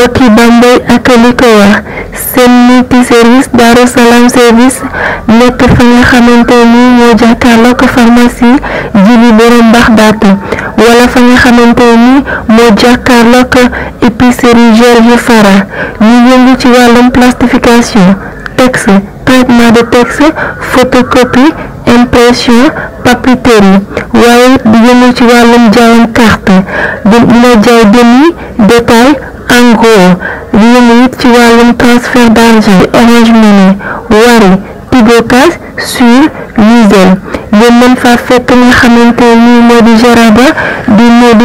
mbokki Bambey ak li ko wax seen multi service Darou Salam service nekk fa nga xamante ni moo jàkkaarloo ko pharmacie ji bi borom baax daata wala fa nga xamante ni moo jàkkaarloo ko épicerie Georges Fara ñu yëngu ci wàllum plastification texte traitement de texte photocopie impression papeterie waaye yëngu ci wàllum jaayam carte dina jaay demi détail Mango di yëngu it ci wàllum transfert d'argent Orange Money Wari Tigo Cash Sur mën fa fekk nga xamante ni moo di di moo di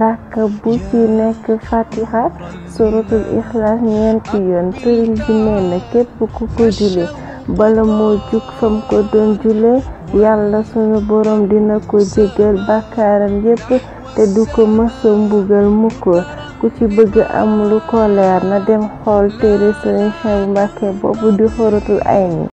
rakka bu ci nekk fatiha suratul ixlaas ñeenti yoon sëriñ bi nee képp ku ko jule bala moo jug fam ko doon jule yàlla sunu boroom dina ko jéggal bàkkaaram yépp te du ko mësa mbugal mukk ku ci bëgg am lu ko leer na dem xool téere sëriñ Cheikh Mbacke boobu di xoratul ay ni